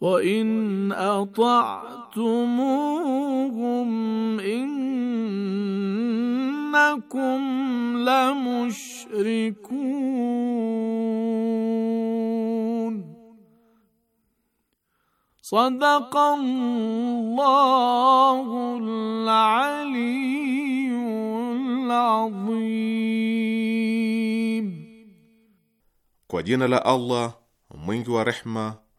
وإن أطعتموهم إنكم لمشركون صدق الله العلي العظيم Kwa لا la Allah mwingi wa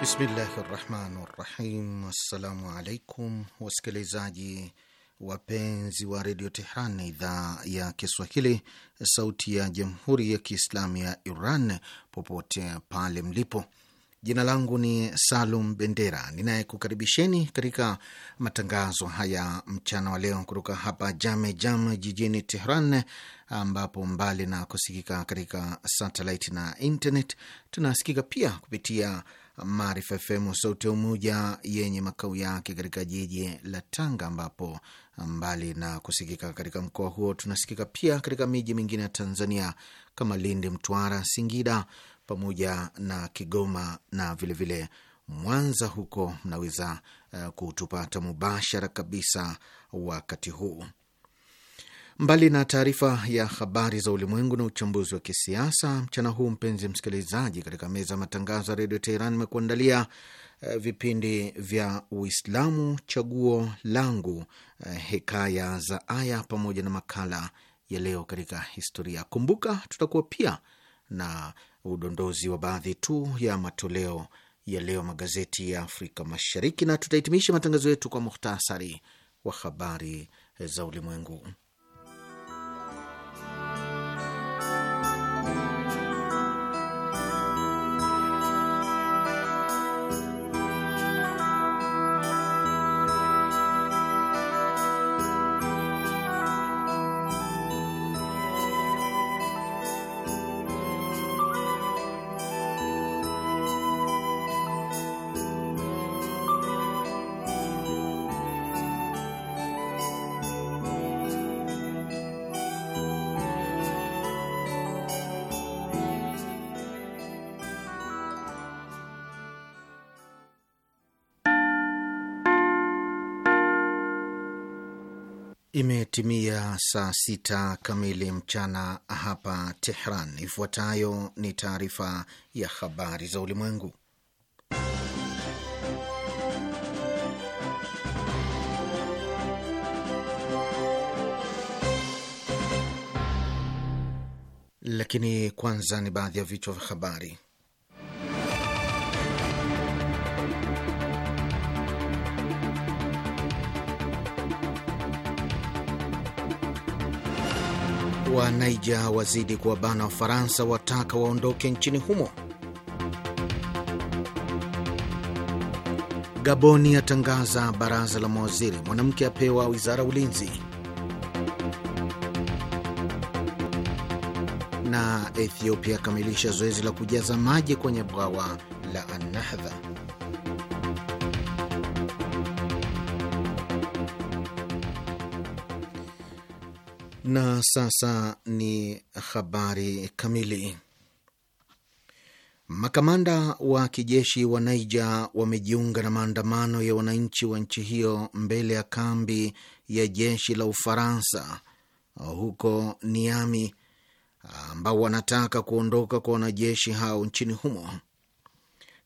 Bismillahi rahmani rahim. Assalamu alaikum wasikilizaji wapenzi wa redio Tehran, idhaa ya Kiswahili, sauti ya jamhuri ya kiislamu ya Iran, popote pale mlipo. Jina langu ni Salum Bendera ninayekukaribisheni katika matangazo haya mchana wa leo kutoka hapa Jame Jam jijini Tehran, ambapo mbali na kusikika katika satelit na internet tunasikika pia kupitia Maarifa FM sauti ya Umoja yenye makao yake katika jiji la Tanga, ambapo mbali na kusikika katika mkoa huo tunasikika pia katika miji mingine ya Tanzania kama Lindi, Mtwara, Singida pamoja na Kigoma na vilevile vile Mwanza. Huko mnaweza uh, eh, kutupata mubashara kabisa wakati huu Mbali na taarifa ya habari za ulimwengu na uchambuzi wa kisiasa mchana huu, mpenzi msikilizaji, katika meza ya matangazo ya redio Teheran imekuandalia eh, vipindi vya Uislamu, chaguo langu, eh, hekaya za aya, pamoja na makala ya leo katika historia. Kumbuka, tutakuwa pia na udondozi wa baadhi tu ya matoleo ya leo magazeti ya Afrika Mashariki, na tutahitimisha matangazo yetu kwa muhtasari wa habari za ulimwengu. Imetimia saa sita kamili mchana hapa Tehran. Ifuatayo ni taarifa ya habari za ulimwengu, lakini kwanza ni baadhi ya vichwa vya habari. wa Naija wazidi kuwabana Wafaransa, wataka waondoke nchini humo. Gaboni yatangaza baraza la mawaziri, mwanamke apewa wizara ulinzi. Na Ethiopia akamilisha zoezi la kujaza maji kwenye bwawa la Annahdha. Na sasa ni habari kamili. Makamanda wa kijeshi wa Naija wamejiunga na maandamano ya wananchi wa nchi hiyo mbele ya kambi ya jeshi la Ufaransa huko Niami, ambao wanataka kuondoka kwa wanajeshi hao nchini humo.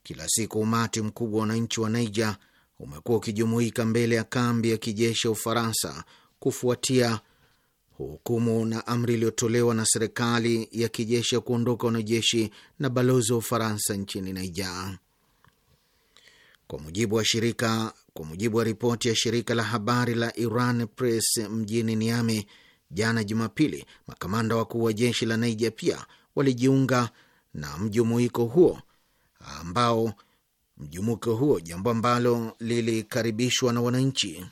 Kila siku umati mkubwa wa wananchi wa Naija umekuwa ukijumuika mbele ya kambi ya kijeshi ya Ufaransa kufuatia hukumu na amri iliyotolewa na serikali ya kijeshi ya kuondoka wanajeshi na balozi wa Ufaransa nchini Naija. Kwa mujibu wa shirika kwa mujibu wa ripoti ya shirika la habari la Iran Press mjini Niamey jana Jumapili, makamanda wakuu wa jeshi la Naija pia walijiunga na mjumuiko huo ambao mjumuiko huo, jambo ambalo lilikaribishwa na wananchi.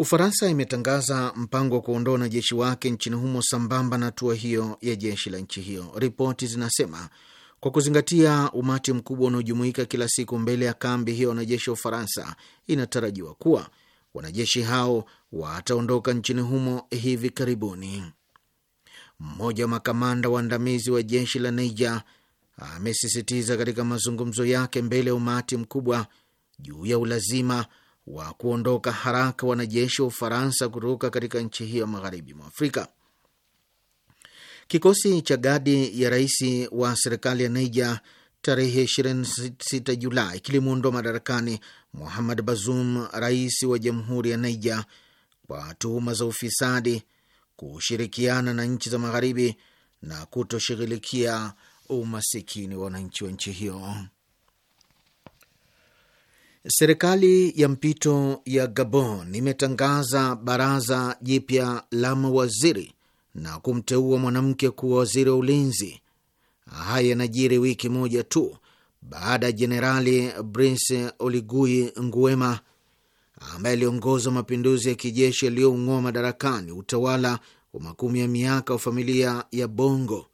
Ufaransa imetangaza mpango wa kuondoa wanajeshi wake nchini humo sambamba na hatua hiyo ya jeshi la nchi hiyo. Ripoti zinasema kwa kuzingatia umati mkubwa unaojumuika kila siku mbele ya kambi hiyo wanajeshi wa Ufaransa, inatarajiwa kuwa wanajeshi hao wataondoka nchini humo hivi karibuni. Mmoja wa makamanda waandamizi wa jeshi la Niger amesisitiza katika mazungumzo yake mbele ya umati mkubwa juu ya ulazima wa kuondoka haraka wanajeshi wa Ufaransa kutoka katika nchi hiyo magharibi mwa Afrika. Kikosi cha gadi ya rais wa serikali ya Niger tarehe 26 Julai kilimwondoa madarakani Muhammad Bazoum, rais wa jamhuri ya Niger, kwa tuhuma za ufisadi, kushirikiana na nchi za magharibi na kutoshughulikia umasikini wa wananchi wa nchi hiyo. Serikali ya mpito ya Gabon imetangaza baraza jipya la mawaziri na kumteua mwanamke kuwa waziri wa ulinzi. Haya yanajiri wiki moja tu baada ya Jenerali Brice Oligui Nguema ambaye aliongoza mapinduzi ya kijeshi yaliyoung'oa madarakani utawala wa makumi ya miaka wa familia ya Bongo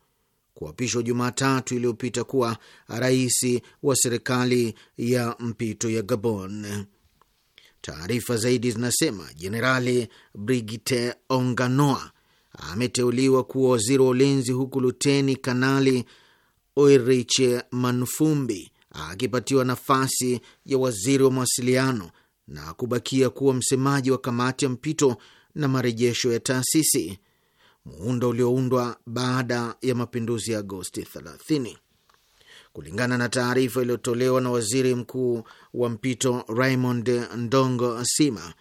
kuapishwa Jumatatu iliyopita kuwa rais wa serikali ya mpito ya Gabon. Taarifa zaidi zinasema Jenerali Brigite Onganoa ameteuliwa kuwa waziri wa ulinzi huku Luteni Kanali Oirich Manfumbi akipatiwa nafasi ya waziri wa mawasiliano na kubakia kuwa msemaji wa kamati ya mpito na marejesho ya taasisi muundo ulioundwa baada ya mapinduzi ya Agosti 30. Kulingana na taarifa iliyotolewa na waziri mkuu wa mpito Raymond Ndongo Sima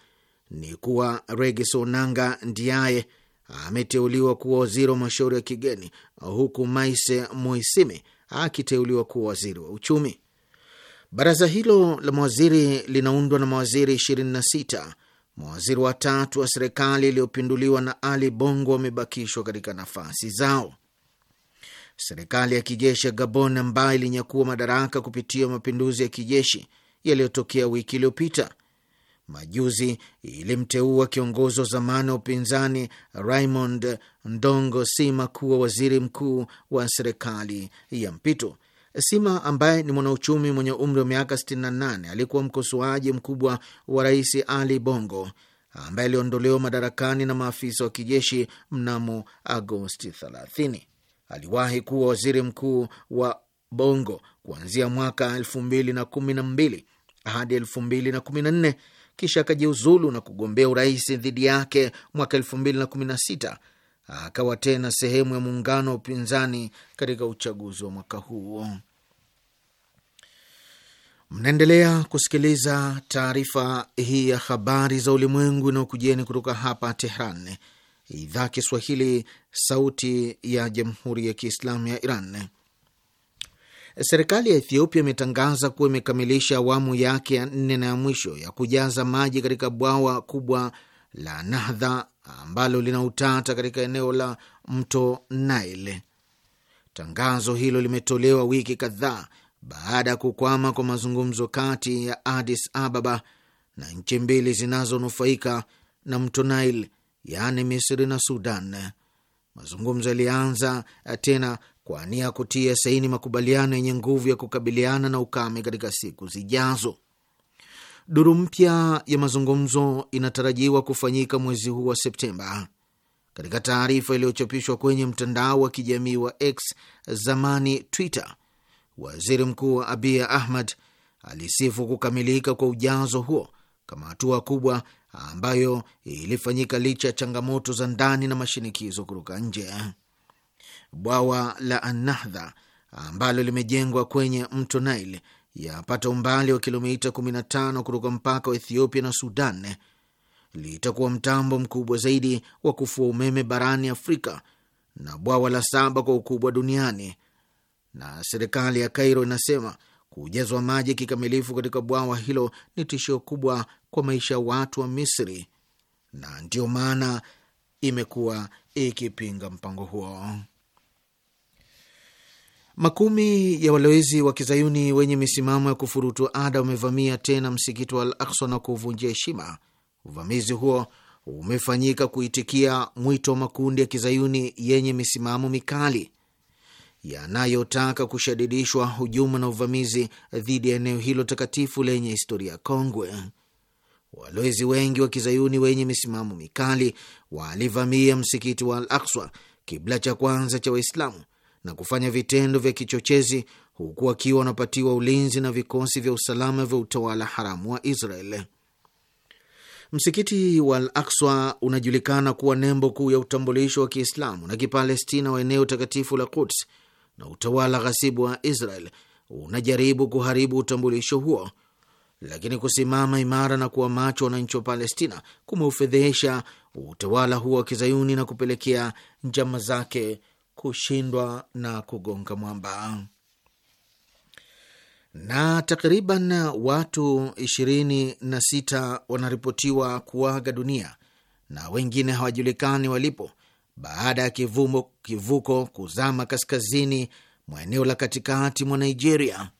ni kuwa Regis Onanga Ndiaye ameteuliwa kuwa waziri wa mashauri ya kigeni huku Maise moisimi akiteuliwa kuwa waziri wa uchumi. Baraza hilo la mawaziri linaundwa na mawaziri mawaziri watatu wa serikali iliyopinduliwa na Ali Bongo wamebakishwa katika nafasi zao. Serikali ya kijeshi ya Gabon ambayo ilinyakua madaraka kupitia mapinduzi ya kijeshi yaliyotokea wiki iliyopita, majuzi ilimteua kiongozi wa zamani wa upinzani Raymond Ndongo Sima kuwa waziri mkuu wa serikali ya mpito. Sima ambaye ni mwanauchumi mwenye umri wa miaka 68 alikuwa mkosoaji mkubwa wa Rais Ali Bongo ambaye aliondolewa madarakani na maafisa wa kijeshi mnamo Agosti 30. Aliwahi kuwa waziri mkuu wa Bongo kuanzia mwaka 2012 hadi 2014, kisha akajiuzulu na kugombea urais dhidi yake mwaka 2016 akawa tena sehemu ya muungano wa upinzani katika uchaguzi wa mwaka huu. Mnaendelea kusikiliza taarifa hii ya habari za ulimwengu inayokujieni kutoka hapa Tehran, idhaa Kiswahili, sauti ya jamhuri ya kiislamu ya Iran. Serikali ya Ethiopia imetangaza kuwa imekamilisha awamu yake ya nne na ya mwisho ya kujaza maji katika bwawa kubwa la Nahdha ambalo lina utata katika eneo la mto Nile. Tangazo hilo limetolewa wiki kadhaa baada ya kukwama kwa mazungumzo kati ya Addis Ababa na nchi mbili zinazonufaika na mto Nile, yaani Misri na Sudan. Mazungumzo yalianza tena kwa nia kutia saini makubaliano yenye nguvu ya kukabiliana na ukame katika siku zijazo. Duru mpya ya mazungumzo inatarajiwa kufanyika mwezi huu wa Septemba. Katika taarifa iliyochapishwa kwenye mtandao wa kijamii wa X, zamani Twitter, waziri mkuu Abiy Ahmed alisifu kukamilika kwa ujazo huo kama hatua kubwa ambayo ilifanyika licha ya changamoto za ndani na mashinikizo kutoka nje. Bwawa la Anahdha ambalo limejengwa kwenye mto Nile yapata umbali wa kilomita 15 kutoka mpaka wa Ethiopia na Sudan litakuwa mtambo mkubwa zaidi wa kufua umeme barani Afrika na bwawa la saba kwa ukubwa duniani. Na serikali ya cairo inasema kujazwa maji kikamilifu katika bwawa hilo ni tishio kubwa kwa maisha ya watu wa Misri, na ndiyo maana imekuwa ikipinga mpango huo. Makumi ya walowezi wa kizayuni wenye misimamo ya kufurutu ada wamevamia tena msikiti wa Al Aksa na kuvunjia heshima. Uvamizi huo umefanyika kuitikia mwito wa makundi ya kizayuni yenye misimamo mikali yanayotaka kushadidishwa hujuma na uvamizi dhidi ya eneo hilo takatifu lenye historia kongwe. Walowezi wengi wa kizayuni wenye misimamo mikali walivamia msikiti wa Al Akswa, kibla cha kwanza cha Waislamu, na kufanya vitendo vya kichochezi huku akiwa wanapatiwa ulinzi na vikosi vya usalama vya utawala haramu wa Israel. Msikiti wa Al Akswa unajulikana kuwa nembo kuu ya utambulisho wa Kiislamu na Kipalestina wa eneo takatifu la Quds, na utawala ghasibu wa Israel unajaribu kuharibu utambulisho huo, lakini kusimama imara na kuwa macho wananchi wa Palestina kumeufedhehesha utawala huo wa Kizayuni na kupelekea njama zake kushindwa na kugonga mwamba. Na takriban watu 26 wanaripotiwa kuaga dunia na wengine hawajulikani walipo baada ya kivuko kuzama kaskazini mwa eneo la katikati mwa Nigeria.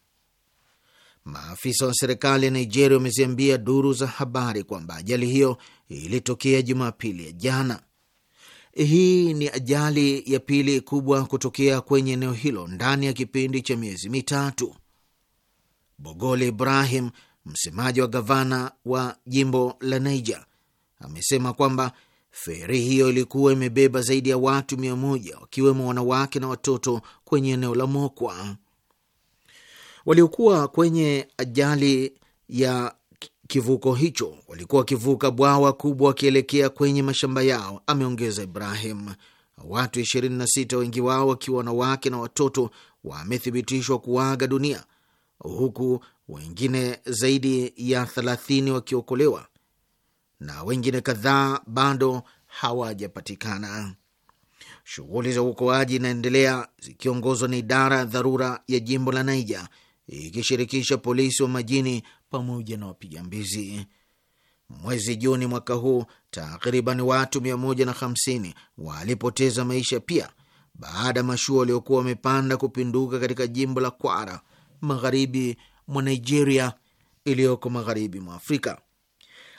Maafisa wa serikali ya Nigeria wameziambia duru za habari kwamba ajali hiyo ilitokea Jumapili ya jana. Hii ni ajali ya pili kubwa kutokea kwenye eneo hilo ndani ya kipindi cha miezi mitatu. Bogole Ibrahim, msemaji wa gavana wa jimbo la Niger, amesema kwamba feri hiyo ilikuwa imebeba zaidi ya watu mia moja wakiwemo wanawake na watoto kwenye eneo la Mokwa. Waliokuwa kwenye ajali ya kivuko hicho walikuwa wakivuka bwawa kubwa wakielekea kwenye mashamba yao, ameongeza Ibrahim. Watu 26 wengi wao wakiwa wanawake na watoto wamethibitishwa kuaga dunia huku wengine zaidi ya 30 wakiokolewa na wengine kadhaa bado hawajapatikana. Shughuli za uokoaji inaendelea zikiongozwa na idara ya dharura ya jimbo la Naija ikishirikisha polisi wa majini pamoja na wapiga mbizi. Mwezi Juni mwaka huu takriban watu 150 walipoteza maisha pia baada ya mashua waliokuwa wamepanda kupinduka katika jimbo la Kwara, magharibi mwa Nigeria iliyoko magharibi mwa Afrika.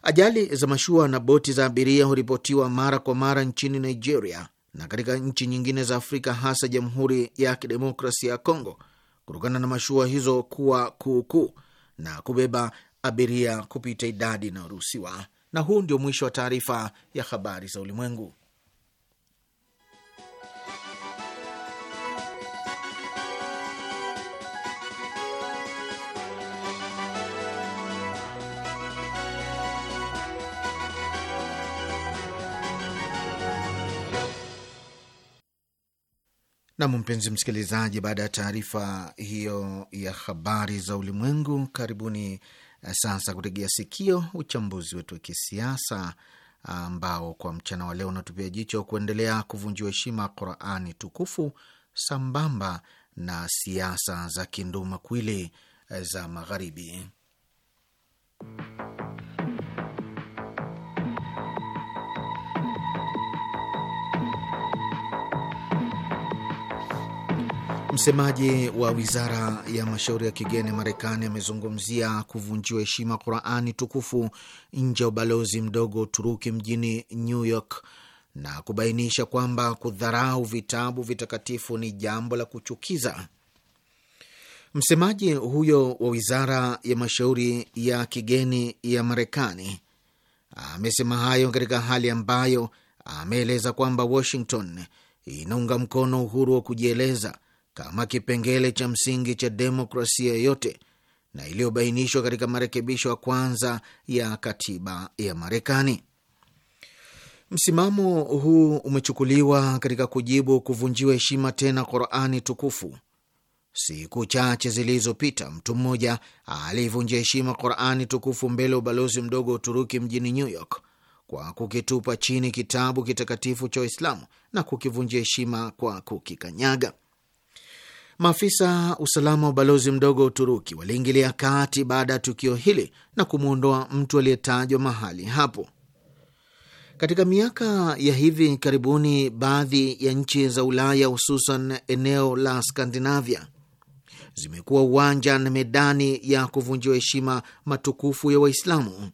Ajali za mashua na boti za abiria huripotiwa mara kwa mara nchini Nigeria na katika nchi nyingine za Afrika, hasa Jamhuri ya Kidemokrasia ya Kongo, kutokana na mashua hizo kuwa kuukuu na kubeba abiria kupita idadi inayoruhusiwa. Na huu ndio mwisho wa taarifa ya habari za ulimwengu. Nam, mpenzi msikilizaji, baada ya taarifa hiyo ya habari za ulimwengu, karibuni eh, sasa kutegea sikio uchambuzi wetu wa kisiasa ambao kwa mchana wa leo unatupia jicho kuendelea kuvunjiwa heshima Qurani tukufu sambamba na siasa za kinduma kwili eh, za Magharibi. Msemaji wa wizara ya mashauri ya kigeni Marekani amezungumzia kuvunjiwa heshima Qurani tukufu nje ya ubalozi mdogo Uturuki mjini New York na kubainisha kwamba kudharau vitabu vitakatifu ni jambo la kuchukiza. Msemaji huyo wa wizara ya mashauri ya kigeni ya Marekani amesema hayo katika hali ambayo ameeleza kwamba Washington inaunga mkono uhuru wa kujieleza kama kipengele cha msingi cha demokrasia yoyote na iliyobainishwa katika marekebisho ya kwanza ya katiba ya Marekani. Msimamo huu umechukuliwa katika kujibu kuvunjiwa heshima tena Qurani tukufu. Siku chache zilizopita, mtu mmoja aliivunjia heshima Qurani tukufu mbele ya ubalozi mdogo wa Uturuki mjini New York kwa kukitupa chini kitabu kitakatifu cha Waislamu na kukivunjia heshima kwa kukikanyaga. Maafisa usalama wa ubalozi mdogo wa Uturuki waliingilia kati baada ya tukio hili na kumwondoa mtu aliyetajwa mahali hapo. Katika miaka ya hivi karibuni, baadhi ya nchi za Ulaya hususan eneo la Skandinavia zimekuwa uwanja na medani ya kuvunjiwa heshima matukufu ya Waislamu.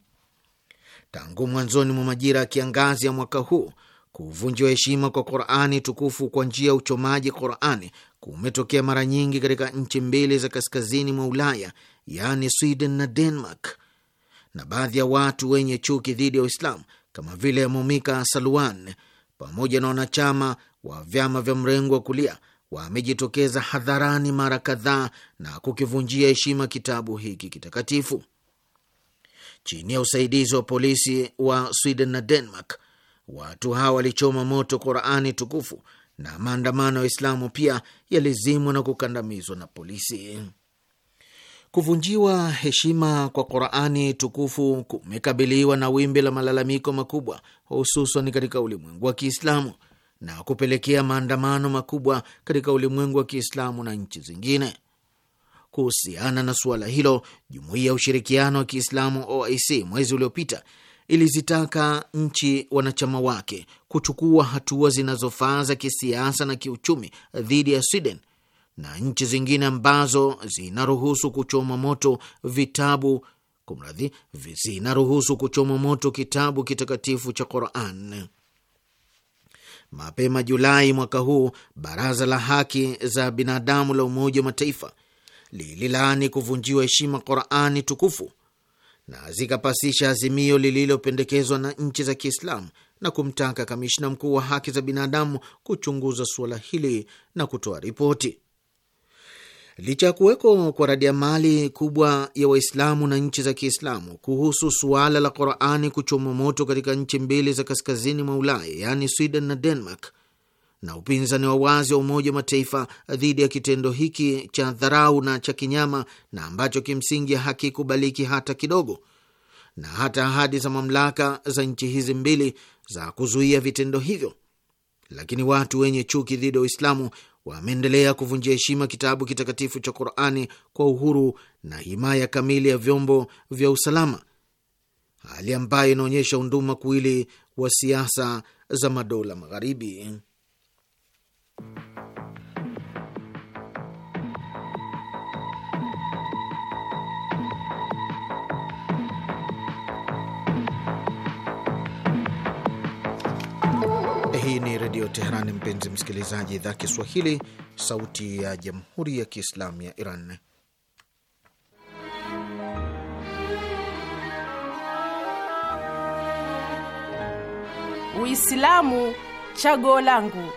Tangu mwanzoni mwa majira ya kiangazi ya mwaka huu, kuvunjiwa heshima kwa Qurani tukufu kwa njia ya uchomaji Qurani kumetokea mara nyingi katika nchi mbili za kaskazini mwa Ulaya, yaani Sweden na Denmark, na baadhi ya watu wenye chuki dhidi ya Uislamu kama vile momika Salwan pamoja na wanachama wa vyama vya mrengo wa kulia wamejitokeza hadharani mara kadhaa na kukivunjia heshima kitabu hiki kitakatifu. Chini ya usaidizi wa polisi wa Sweden na Denmark, watu hawa walichoma moto Qurani tukufu na maandamano ya Waislamu pia yalizimwa na kukandamizwa na polisi. Kuvunjiwa heshima kwa Qurani tukufu kumekabiliwa na wimbi la malalamiko makubwa, hususan katika ulimwengu wa Kiislamu na kupelekea maandamano makubwa katika ulimwengu wa Kiislamu na nchi zingine. Kuhusiana na suala hilo, jumuiya ya ushirikiano wa Kiislamu OIC mwezi uliopita ilizitaka nchi wanachama wake kuchukua hatua zinazofaa za kisiasa na kiuchumi dhidi ya Sweden na nchi zingine ambazo zinaruhusu kuchoma moto vitabu kumradhi, zinaruhusu kuchoma moto kitabu kitakatifu cha Quran. Mapema Julai mwaka huu, baraza la haki za binadamu la Umoja wa Mataifa lililaani kuvunjiwa heshima Qurani tukufu na zikapasisha azimio lililopendekezwa na nchi za Kiislamu na kumtaka kamishna mkuu wa haki za binadamu kuchunguza suala hili na kutoa ripoti. Licha ya kuwekwa kwa radiamali kubwa ya Waislamu na nchi za Kiislamu kuhusu suala la Qurani kuchoma moto katika nchi mbili za kaskazini mwa Ulaya, yaani Sweden na Denmark, na upinzani wa wazi wa Umoja wa Mataifa dhidi ya kitendo hiki cha dharau na cha kinyama na ambacho kimsingi hakikubaliki hata kidogo, na hata ahadi za mamlaka za nchi hizi mbili za kuzuia vitendo hivyo. Lakini watu wenye chuki dhidi ya Uislamu wameendelea kuvunjia heshima kitabu kitakatifu cha Qurani kwa uhuru na himaya kamili ya vyombo vya usalama, hali ambayo inaonyesha unduma kuili wa siasa za madola Magharibi. Redio Teherani. Mpenzi msikilizaji, idhaa Kiswahili, sauti ya jamhuri ya kiislamu ya Iran. Uislamu chaguo langu.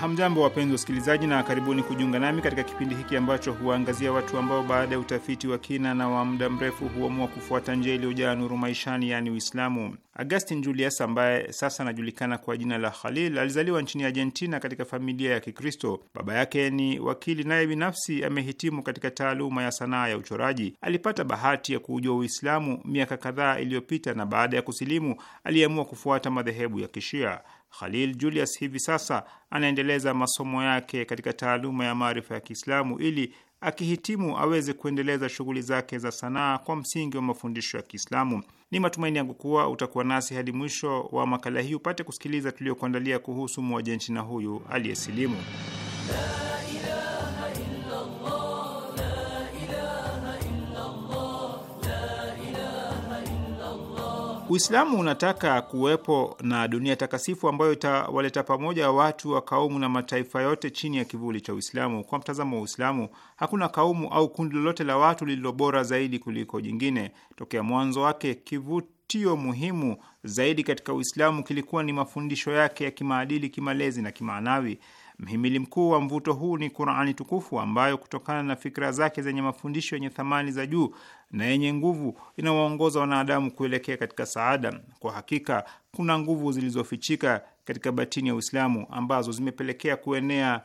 Hamjambo, wapenzi wasikilizaji, na karibuni kujiunga nami katika kipindi hiki ambacho huwaangazia watu ambao baada ya utafiti wa kina na wa muda mrefu huamua kufuata njia iliyojaa nuru maishani, yaani Uislamu. Augustin Julius ambaye sasa anajulikana kwa jina la Khalil alizaliwa nchini Argentina katika familia ya Kikristo. Baba yake ni wakili, naye binafsi amehitimu katika taaluma ya sanaa ya uchoraji. Alipata bahati ya kuujua Uislamu miaka kadhaa iliyopita, na baada ya kusilimu aliamua kufuata madhehebu ya Kishia. Khalil Julius hivi sasa anaendeleza masomo yake katika taaluma ya maarifa ya Kiislamu ili akihitimu aweze kuendeleza shughuli zake za sanaa kwa msingi wa mafundisho ya Kiislamu. Ni matumaini yangu kuwa utakuwa nasi hadi mwisho wa makala hii, upate kusikiliza tuliyokuandalia kuhusu mwajenchina huyu aliyesilimu. Uislamu unataka kuwepo na dunia takasifu ambayo itawaleta pamoja watu wa kaumu na mataifa yote chini ya kivuli cha Uislamu. Kwa mtazamo wa Uislamu, hakuna kaumu au kundi lolote la watu lililo bora zaidi kuliko jingine. Tokea mwanzo wake, kivutio muhimu zaidi katika Uislamu kilikuwa ni mafundisho yake ya kimaadili, kimalezi na kimaanawi. Mhimili mkuu wa mvuto huu ni Qurani tukufu ambayo kutokana na fikra zake zenye mafundisho yenye thamani za juu na yenye nguvu inawaongoza wanadamu kuelekea katika saada. Kwa hakika kuna nguvu zilizofichika katika batini ya Uislamu ambazo zimepelekea kuenea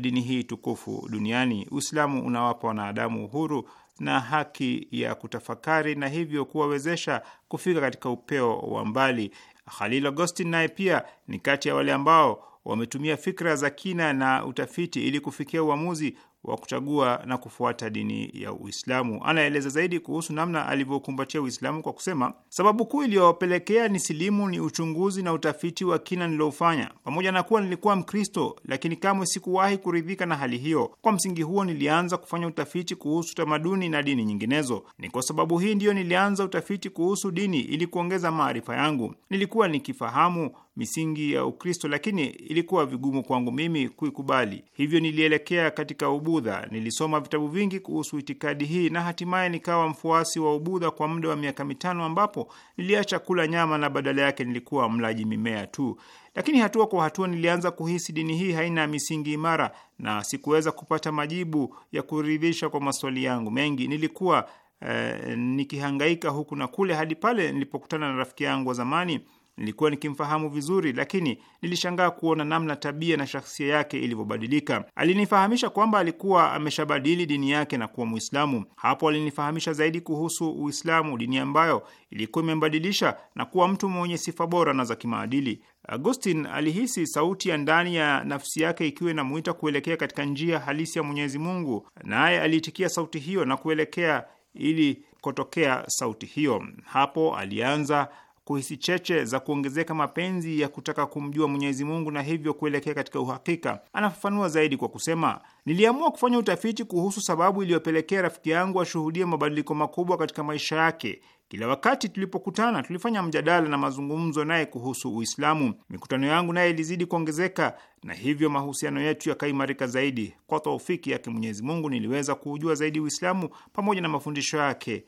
dini hii tukufu duniani. Uislamu unawapa wanadamu uhuru na haki ya kutafakari na hivyo kuwawezesha kufika katika upeo wa mbali. Khalil Augustin naye pia ni kati ya wale ambao wametumia fikra za kina na utafiti ili kufikia uamuzi wa kuchagua na kufuata dini ya Uislamu. Anaeleza zaidi kuhusu namna alivyokumbatia Uislamu kwa kusema, sababu kuu iliyopelekea ni silimu ni uchunguzi na utafiti wa kina niliofanya. Pamoja na kuwa nilikuwa Mkristo, lakini kamwe sikuwahi kuridhika na hali hiyo. Kwa msingi huo, nilianza kufanya utafiti kuhusu tamaduni na dini nyinginezo. Ni kwa sababu hii ndiyo nilianza utafiti kuhusu dini ili kuongeza maarifa yangu. Nilikuwa nikifahamu misingi ya Ukristo, lakini ilikuwa vigumu kwangu mimi kuikubali. Hivyo nilielekea katika Ubudha. Nilisoma vitabu vingi kuhusu itikadi hii na hatimaye nikawa mfuasi wa Ubudha kwa muda wa miaka mitano, ambapo niliacha kula nyama na badala yake nilikuwa mlaji mimea tu. Lakini hatua kwa hatua nilianza kuhisi dini hii haina misingi imara na sikuweza kupata majibu ya kuridhisha kwa maswali yangu mengi. Nilikuwa eh, nikihangaika huku na kule hadi pale nilipokutana na rafiki yangu wa zamani Nilikuwa nikimfahamu vizuri, lakini nilishangaa kuona namna tabia na shahsia yake ilivyobadilika. Alinifahamisha kwamba alikuwa ameshabadili dini yake na kuwa Mwislamu. Hapo alinifahamisha zaidi kuhusu Uislamu, dini ambayo ilikuwa imembadilisha na kuwa mtu mwenye sifa bora na za kimaadili. Agustin alihisi sauti ya ndani ya nafsi yake ikiwa inamwita kuelekea katika njia halisi ya Mwenyezi Mungu, naye aliitikia sauti hiyo na kuelekea ili kotokea sauti hiyo. Hapo alianza kuhisi cheche za kuongezeka mapenzi ya kutaka kumjua Mwenyezi Mungu na hivyo kuelekea katika uhakika. Anafafanua zaidi kwa kusema, niliamua kufanya utafiti kuhusu sababu iliyopelekea rafiki yangu ashuhudie mabadiliko makubwa katika maisha yake. Kila wakati tulipokutana tulifanya mjadala na mazungumzo naye kuhusu Uislamu. Mikutano yangu naye ilizidi kuongezeka na hivyo mahusiano yetu yakaimarika zaidi. Kwa taufiki yake Mwenyezi Mungu niliweza kuujua zaidi Uislamu pamoja na mafundisho yake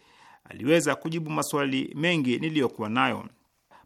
aliweza kujibu maswali mengi niliyokuwa nayo.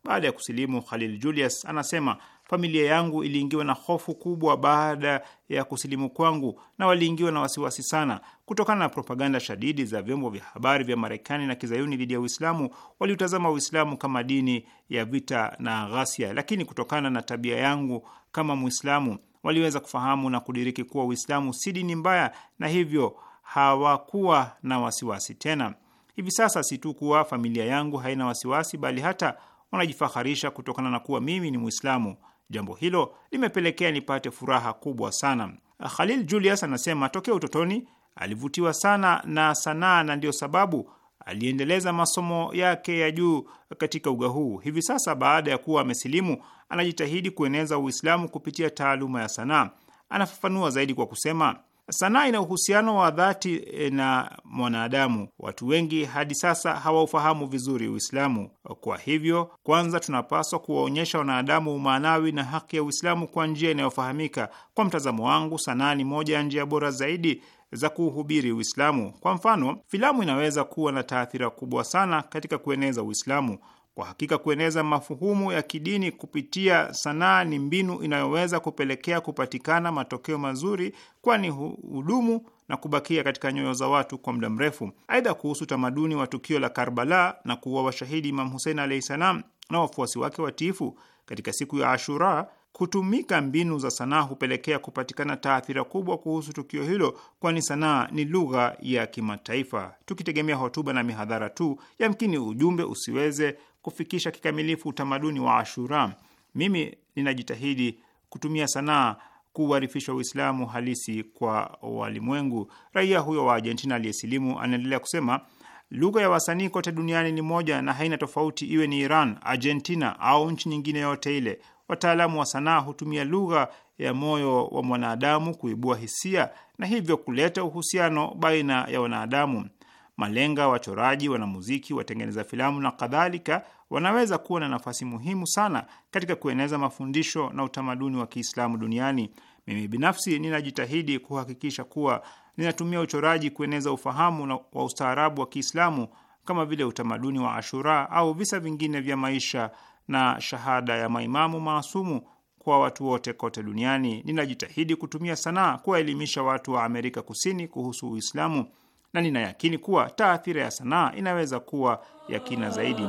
Baada ya kusilimu, Khalil Julius anasema familia yangu iliingiwa na hofu kubwa baada ya kusilimu kwangu, na waliingiwa na wasiwasi sana kutokana na propaganda shadidi za vyombo vya habari vya Marekani na kizayuni dhidi ya Uislamu. Waliutazama Uislamu kama dini ya vita na ghasia, lakini kutokana na tabia yangu kama Mwislamu waliweza kufahamu na kudiriki kuwa Uislamu si dini mbaya, na hivyo hawakuwa na wasiwasi tena. Hivi sasa si tu kuwa familia yangu haina wasiwasi, bali hata wanajifaharisha kutokana na kuwa mimi ni Mwislamu. Jambo hilo limepelekea nipate furaha kubwa sana. Khalil Julius anasema tokea utotoni alivutiwa sana na sanaa na ndiyo sababu aliendeleza masomo yake ya juu katika uga huu. Hivi sasa baada ya kuwa amesilimu, anajitahidi kueneza Uislamu kupitia taaluma ya sanaa. Anafafanua zaidi kwa kusema Sanaa ina uhusiano wa dhati eh, na mwanadamu. Watu wengi hadi sasa hawaufahamu vizuri Uislamu. Kwa hivyo, kwanza tunapaswa kuwaonyesha wanadamu umaanawi na haki ya Uislamu kwa njia inayofahamika. Kwa mtazamo wangu, sanaa ni moja ya njia bora zaidi za kuuhubiri Uislamu. Kwa mfano, filamu inaweza kuwa na taathira kubwa sana katika kueneza Uislamu. Kwa hakika kueneza mafuhumu ya kidini kupitia sanaa ni mbinu inayoweza kupelekea kupatikana matokeo mazuri, kwani hudumu na kubakia katika nyoyo za watu kwa muda mrefu. Aidha, kuhusu utamaduni wa tukio la Karbala na kuua washahidi Imam Husein alahi salam na wafuasi wake watiifu katika siku ya Ashura, kutumika mbinu za sanaa hupelekea kupatikana taathira kubwa kuhusu tukio hilo, kwani sanaa ni lugha ya kimataifa. Tukitegemea hotuba na mihadhara tu, yamkini ujumbe usiweze kufikisha kikamilifu utamaduni wa Ashura. Mimi ninajitahidi kutumia sanaa kuwarifisha Uislamu halisi kwa walimwengu. Raia huyo wa Argentina aliyesilimu anaendelea kusema lugha ya wasanii kote duniani ni moja na haina tofauti, iwe ni Iran, Argentina au nchi nyingine yote ile. Wataalamu wa sanaa hutumia lugha ya moyo wa mwanadamu kuibua hisia na hivyo kuleta uhusiano baina ya wanadamu malenga, wachoraji, wanamuziki, watengeneza filamu na kadhalika, wanaweza kuwa na nafasi muhimu sana katika kueneza mafundisho na utamaduni wa Kiislamu duniani. Mimi binafsi ninajitahidi kuhakikisha kuwa ninatumia uchoraji kueneza ufahamu wa ustaarabu wa Kiislamu kama vile utamaduni wa Ashura au visa vingine vya maisha na shahada ya maimamu maasumu kwa watu wote kote duniani. Ninajitahidi kutumia sanaa kuwaelimisha watu wa Amerika Kusini kuhusu Uislamu na ninayakini kuwa taathira ya sanaa inaweza kuwa ya kina zaidi.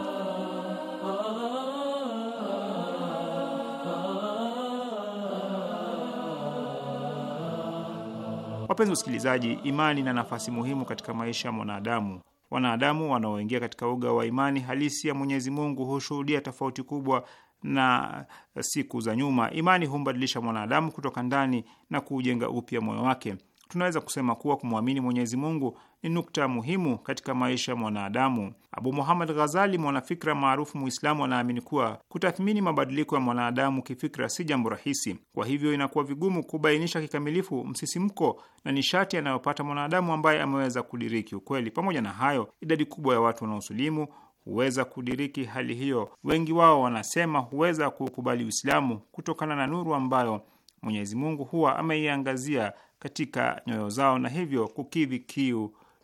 Wapenzi wasikilizaji, imani na nafasi muhimu katika maisha ya mwanadamu. Wanadamu wanaoingia katika uga wa imani halisi ya Mwenyezi Mungu hushuhudia tofauti kubwa na siku za nyuma. Imani humbadilisha mwanadamu kutoka ndani na kuujenga upya moyo wake. Tunaweza kusema kuwa kumwamini Mwenyezi Mungu ni nukta muhimu katika maisha ya mwanadamu. Abu Muhammad Ghazali, mwanafikra maarufu Muislamu, anaamini kuwa kutathmini mabadiliko ya mwanadamu kifikra si jambo rahisi. Kwa hivyo, inakuwa vigumu kubainisha kikamilifu msisimko na nishati anayopata mwanadamu ambaye ameweza kudiriki ukweli. Pamoja na hayo, idadi kubwa ya watu wanaosulimu huweza kudiriki hali hiyo. Wengi wao wanasema huweza kukubali Uislamu kutokana na nuru ambayo Mwenyezi Mungu huwa ameiangazia katika nyoyo zao na hivyo kukidhi kiu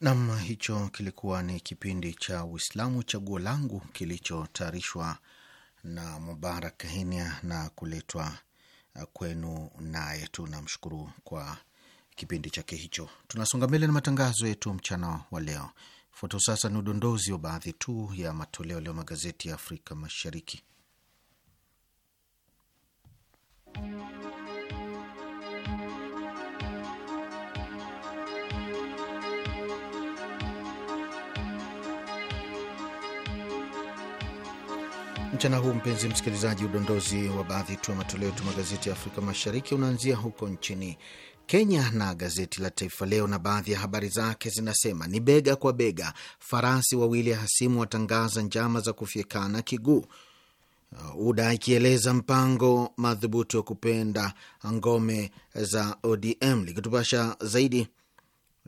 Nam, hicho kilikuwa ni kipindi cha Uislamu Chaguo Langu kilichotayarishwa na Mubarak Henia na kuletwa uh, kwenu naye. Tunamshukuru kwa kipindi chake hicho. Tunasonga mbele na matangazo yetu mchana wa leo. foto sasa ni udondozi wa baadhi tu ya matoleo leo magazeti ya Afrika Mashariki. Mchana huu mpenzi msikilizaji, udondozi wa baadhi tu ya matoleo tu magazeti ya Afrika Mashariki unaanzia huko nchini Kenya na gazeti la Taifa Leo na baadhi ya habari zake zinasema ni bega kwa bega, farasi wawili hasimu watangaza njama za kufyekana kiguu, uh, UDA ikieleza mpango madhubuti wa kupenda ngome za ODM. Likitupasha zaidi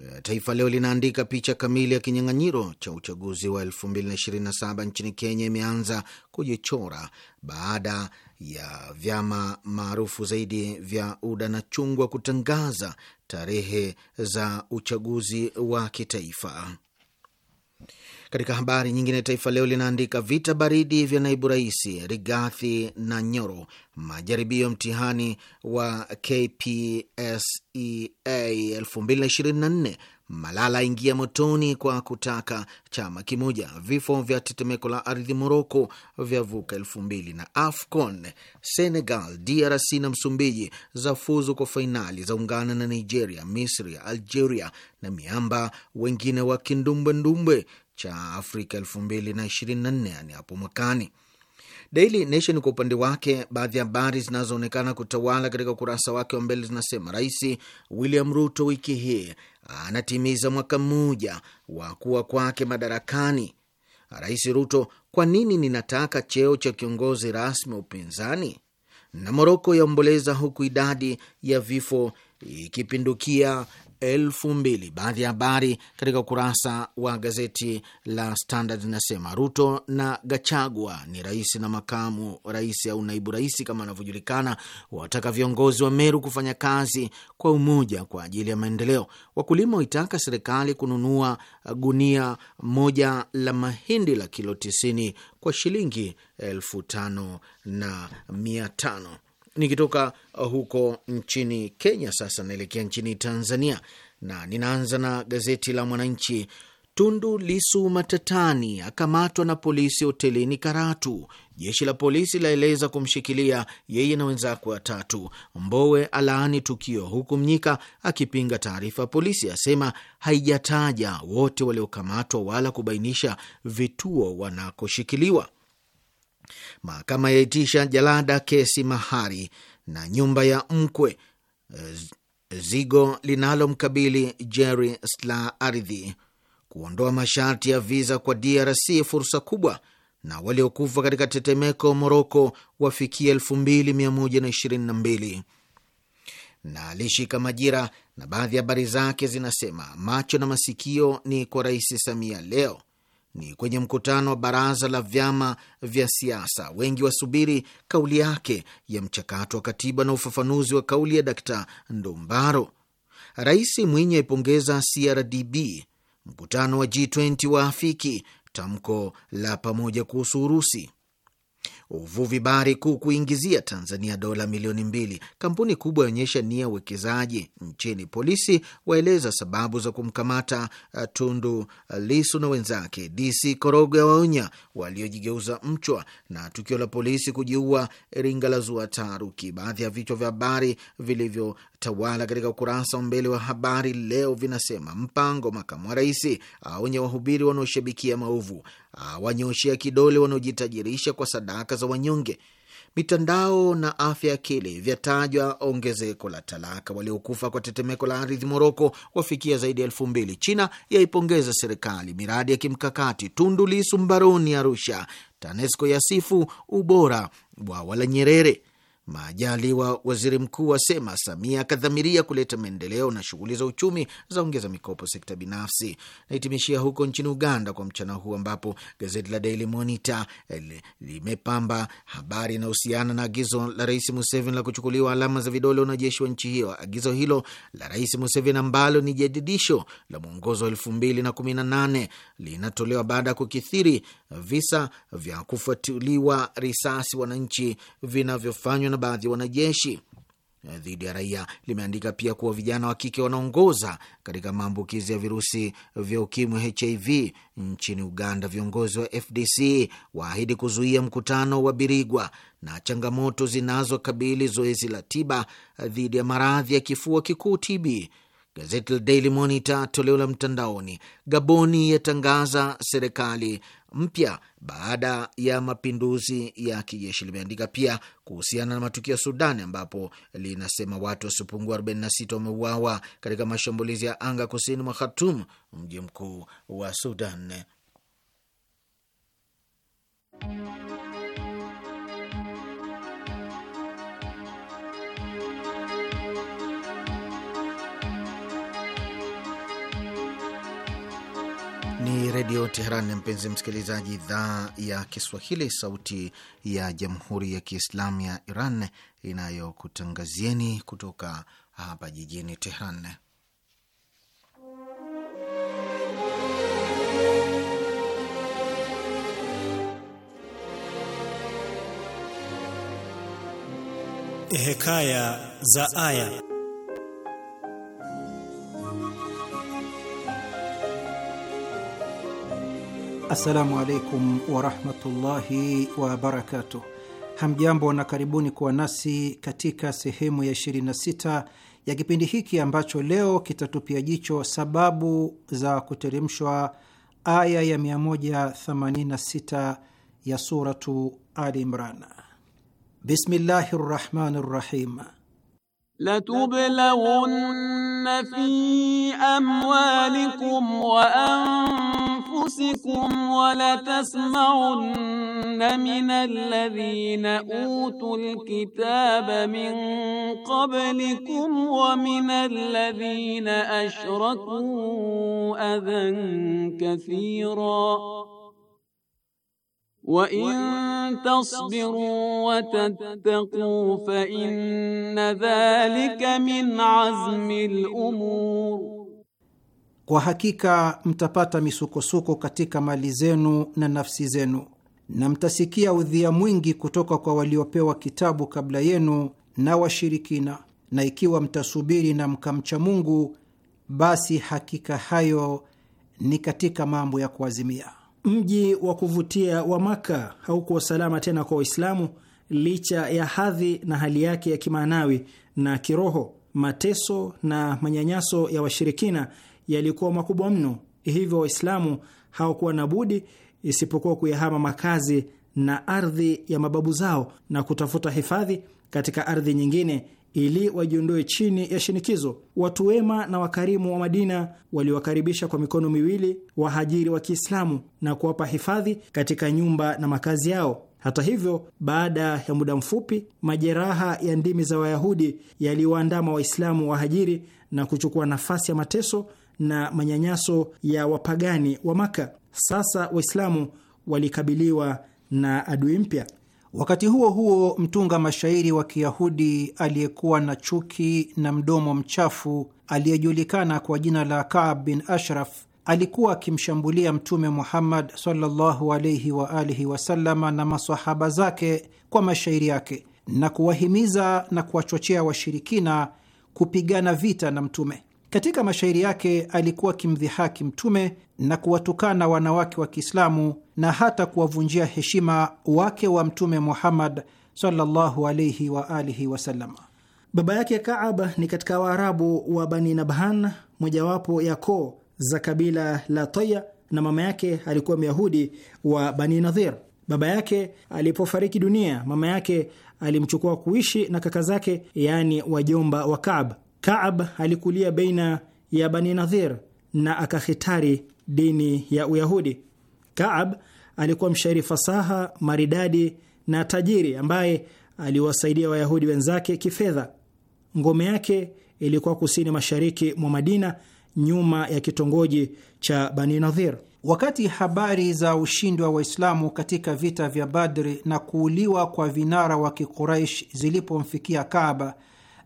Eh, Taifa Leo linaandika picha kamili ya kinyang'anyiro cha uchaguzi wa 2027 nchini Kenya imeanza kujichora baada ya vyama maarufu zaidi vya UDA na Chungwa kutangaza tarehe za uchaguzi wa kitaifa. Katika habari nyingine, Taifa Leo linaandika vita baridi vya naibu rais Rigathi na Nyoro, majaribio ya mtihani wa KPSEA 2024 Malala aingia motoni kwa kutaka chama kimoja. Vifo vya tetemeko la ardhi Moroko vya vuka elfu mbili na AFCON. Senegal, DRC na Msumbiji za fuzu kwa fainali za ungana na Nigeria, Misri, Algeria na miamba wengine wa kindumbwendumbwe cha Afrika 2024 yani hapo mwakani. Daily Nation kwa upande wake, baadhi ya habari zinazoonekana kutawala katika ukurasa wake wa mbele zinasema Rais William Ruto wiki hii anatimiza mwaka mmoja wa kuwa kwake madarakani. Rais Ruto: kwa nini ninataka cheo cha kiongozi rasmi wa upinzani? Na Moroko yaomboleza huku idadi ya vifo ikipindukia elfu mbili. Baadhi ya habari katika ukurasa wa gazeti la Standard inasema Ruto na Gachagua ni rais na makamu rais au naibu rais kama anavyojulikana, wataka viongozi wa Meru kufanya kazi kwa umoja kwa ajili ya maendeleo. Wakulima waitaka serikali kununua gunia moja la mahindi la kilo tisini kwa shilingi elfu tano na mia tano. Nikitoka uh, huko nchini Kenya, sasa naelekea nchini Tanzania na ninaanza na gazeti la Mwananchi. Tundu Lisu matatani, akamatwa na polisi hotelini Karatu. Jeshi la polisi laeleza kumshikilia yeye na wenzake watatu. Mbowe alaani tukio, huku Mnyika akipinga taarifa polisi, asema haijataja wote waliokamatwa wala kubainisha vituo wanakoshikiliwa. Mahakama yaitisha jalada kesi mahari na nyumba ya mkwe eh, zigo linalomkabili Jerry Sla ardhi. Kuondoa masharti ya viza kwa DRC fursa kubwa, na waliokufa katika tetemeko Moroko wafikia 2122 na alishika Majira na baadhi ya habari zake zinasema macho na masikio ni kwa Rais Samia leo ni kwenye mkutano wa baraza la vyama vya siasa, wengi wasubiri kauli yake ya mchakato wa katiba na ufafanuzi wa kauli ya Dkt Ndumbaro. Rais Mwinyi aipongeza CRDB, mkutano wa G20 wa afiki tamko la pamoja kuhusu Urusi uvuvi bahari kuu kuingizia Tanzania dola milioni mbili. Kampuni kubwa yaonyesha nia uwekezaji nchini. Polisi waeleza sababu za kumkamata uh, Tundu uh, Lisu na wenzake. DC Koroga waonya waliojigeuza mchwa, na tukio la polisi kujiua Iringa la zua taharuki. Baadhi ya vichwa vya habari vilivyo tawala katika ukurasa wa mbele wa habari leo vinasema: mpango makamu wa rais aonye wahubiri wanaoshabikia maovu, awanyoshea kidole wanaojitajirisha kwa sadaka za wanyonge. Mitandao na afya ya akili vyatajwa ongezeko la talaka. Waliokufa kwa tetemeko la ardhi Moroko wafikia zaidi ya elfu mbili. China yaipongeza serikali miradi ya kimkakati. Tundu Lisu mbaroni Arusha. TANESCO yasifu ubora bwawa la Nyerere. Majaliwa waziri mkuu asema Samia akadhamiria kuleta maendeleo na shughuli za uchumi za ongeza mikopo sekta binafsi. Nahitimishia huko nchini Uganda kwa mchana huu ambapo gazeti la Daily Monitor eh, limepamba habari inayohusiana na agizo la Rais Museveni la kuchukuliwa alama za vidole wanajeshi wa nchi hiyo. Agizo hilo la Rais Museveni ambalo ni jadidisho la mwongozo wa elfu mbili na kumi na nane linatolewa baada ya kukithiri visa vya kufuatiliwa risasi wananchi vinavyofanywa na baadhi ya wanajeshi dhidi ya raia. Limeandika pia kuwa vijana wa kike wanaongoza katika maambukizi ya virusi vya ukimwi HIV nchini Uganda. Viongozi wa FDC waahidi kuzuia mkutano wa Birigwa na changamoto zinazokabili zoezi la tiba dhidi ya maradhi ya kifua kikuu TB Gazeti la Daily Monitor toleo la mtandaoni, Gaboni yatangaza serikali mpya baada ya mapinduzi ya kijeshi. Limeandika pia kuhusiana na matukio ya Sudani ambapo linasema watu wasiopungua 46 wameuawa katika mashambulizi ya anga kusini mwa Khartum, mji mkuu wa Sudan. Ni Redio Teheran, mpenzi msikilizaji, idhaa ya Kiswahili, sauti ya Jamhuri ya Kiislamu ya Iran inayokutangazieni kutoka hapa jijini Teheran. Hekaya za Aya. Assalamu alaikum warahmatullahi wabarakatuh. Hamjambo na karibuni kuwa nasi katika sehemu ya 26 ya kipindi hiki ambacho leo kitatupia jicho sababu za kuteremshwa aya ya 186 ya Suratu Ali Imran. Bismillahi Latublawunna fi amwalikum wa أنفسكم ولتسمعن من الذين أوتوا الكتاب من قبلكم ومن الذين أشركوا أذى كثيرا وإن تصبروا وتتقوا فإن ذلك من عزم الأمور Kwa hakika mtapata misukosuko katika mali zenu na nafsi zenu, na mtasikia udhia mwingi kutoka kwa waliopewa kitabu kabla yenu na washirikina, na ikiwa mtasubiri na mkamcha Mungu, basi hakika hayo ni katika mambo ya kuazimia. Mji wa kuvutia wa Maka haukuwa salama tena kwa Waislamu licha ya hadhi na hali yake ya kimaanawi na kiroho. Mateso na manyanyaso ya washirikina yalikuwa makubwa mno, hivyo Waislamu hawakuwa na budi isipokuwa kuyahama makazi na ardhi ya mababu zao na kutafuta hifadhi katika ardhi nyingine ili wajiondoe chini ya shinikizo. Watu wema na wakarimu wa Madina waliwakaribisha kwa mikono miwili wahajiri wa Kiislamu na kuwapa hifadhi katika nyumba na makazi yao. Hata hivyo, baada ya muda mfupi, majeraha ya ndimi za Wayahudi yaliwaandama Waislamu wahajiri na kuchukua nafasi ya mateso na manyanyaso ya wapagani wa Maka. Sasa Waislamu walikabiliwa na adui mpya. Wakati huo huo, mtunga mashairi wa Kiyahudi aliyekuwa na chuki na mdomo mchafu aliyejulikana kwa jina la Kaab bin Ashraf alikuwa akimshambulia Mtume Muhammad sallallahu alaihi wa alihi wasallama na masahaba zake kwa mashairi yake na kuwahimiza na kuwachochea washirikina kupigana vita na Mtume. Katika mashairi yake alikuwa akimdhihaki Mtume na kuwatukana wanawake wa Kiislamu na hata kuwavunjia heshima wake wa Mtume Muhammad sallallahu alaihi wa alihi wasallam. Baba yake Kaab ni katika Waarabu wa Bani Nabhan, mojawapo ya koo za kabila la Taya, na mama yake alikuwa Myahudi wa Bani Nadhir. Baba yake alipofariki dunia, mama yake alimchukua kuishi na kaka zake, yaani wajomba wa Kaab. Kaab alikulia baina ya Bani Nadhir na akahitari dini ya Uyahudi. Kaab alikuwa mshairi fasaha maridadi na tajiri ambaye aliwasaidia Wayahudi wenzake kifedha. Ngome yake ilikuwa kusini mashariki mwa Madina, nyuma ya kitongoji cha Bani Nadhir. Wakati habari za ushindi wa Waislamu katika vita vya Badri na kuuliwa kwa vinara wa Kikuraish zilipomfikia Kaaba,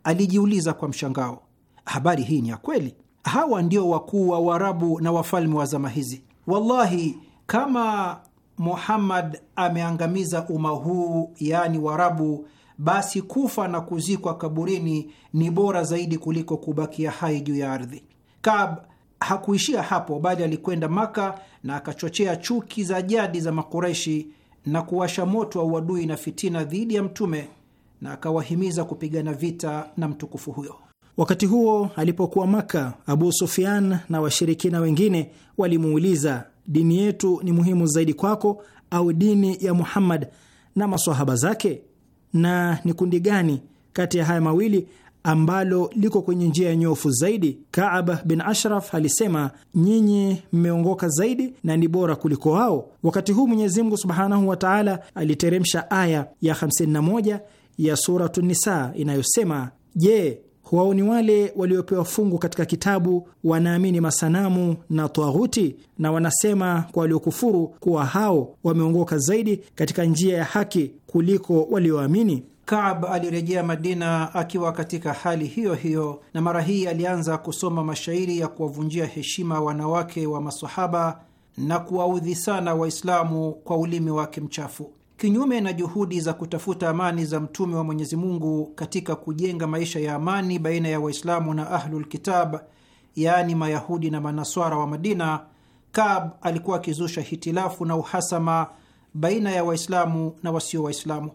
alijiuliza kwa mshangao, habari hii ni ya kweli? Hawa ndio wakuu wa Waarabu na wafalme wa zama hizi. Wallahi, kama Muhammad ameangamiza umma huu, yaani Waarabu, basi kufa na kuzikwa kaburini ni bora zaidi kuliko kubakia hai juu ya ardhi. Kab hakuishia hapo, bali alikwenda Maka na akachochea chuki za jadi za Makureshi na kuwasha moto wa uadui na fitina dhidi ya Mtume na akawahimiza kupigana vita na mtukufu huyo. Wakati huo alipokuwa Maka, Abu sufian na washirikina wengine walimuuliza, dini yetu ni muhimu zaidi kwako au dini ya Muhammad na maswahaba zake? Na ni kundi gani kati ya haya mawili ambalo liko kwenye njia ya nyofu zaidi? Kaab bin Ashraf alisema, nyinyi mmeongoka zaidi na ni bora kuliko wao. Wakati huu Mwenyezi Mungu subhanahu wa taala aliteremsha aya ya 51 ya Suratu Nisa inayosema: Je, huwaoni wale waliopewa fungu katika kitabu wanaamini masanamu na twaghuti, na wanasema kwa waliokufuru kuwa hao wameongoka zaidi katika njia ya haki kuliko walioamini? Kaab alirejea Madina akiwa katika hali hiyo hiyo, na mara hii alianza kusoma mashairi ya kuwavunjia heshima wanawake wa masahaba na kuwaudhi sana Waislamu kwa ulimi wake mchafu kinyume na juhudi za kutafuta amani za mtume wa Mwenyezi Mungu katika kujenga maisha ya amani baina ya Waislamu na Ahlulkitab, yaani Mayahudi na Manaswara wa Madina, Kab alikuwa akizusha hitilafu na uhasama baina ya Waislamu na wasio Waislamu.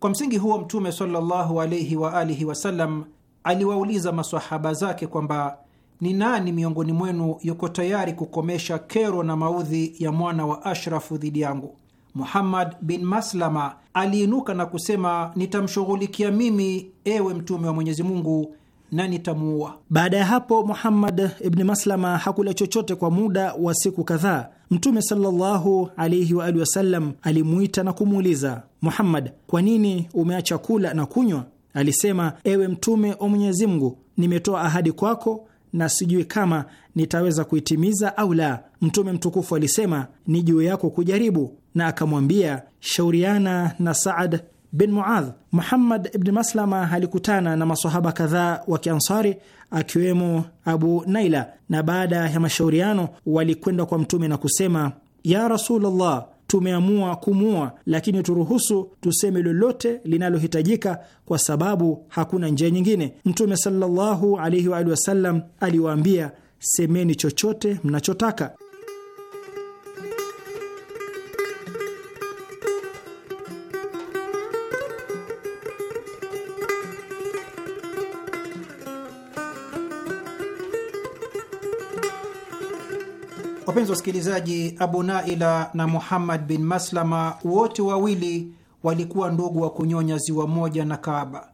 Kwa msingi huo, Mtume sallallahu alaihi wa alihi wasallam aliwauliza masahaba zake kwamba ni nani miongoni mwenu yuko tayari kukomesha kero na maudhi ya mwana wa Ashrafu dhidi yangu? Muhammad bin Maslama aliinuka na kusema, nitamshughulikia mimi, ewe mtume wa Mwenyezi Mungu na nitamuua. Baada ya hapo, Muhammad ibni Maslama hakula chochote kwa muda wa siku kadhaa. Mtume sallallahu alaihi wa alihi wasallam alimuita na kumuuliza, Muhammad, kwa nini umeacha kula na kunywa? Alisema, ewe mtume wa Mwenyezi Mungu, nimetoa ahadi kwako na sijui kama nitaweza kuitimiza au la. Mtume mtukufu alisema, ni juu yako kujaribu na akamwambia, shauriana na Saad bin Muadh. Muhammad ibn Maslama alikutana na masahaba kadhaa wa Kiansari akiwemo Abu Naila, na baada ya mashauriano walikwenda kwa Mtume na kusema, ya Rasulullah, tumeamua kumua, lakini turuhusu tuseme lolote linalohitajika, kwa sababu hakuna njia nyingine. Mtume sallallahu alaihi wa alihi wasallam aliwaambia, semeni chochote mnachotaka. Wapenzi wasikilizaji, Abu Naila na Muhammad bin Maslama wote wawili walikuwa ndugu wa kunyonya ziwa moja na Kaaba.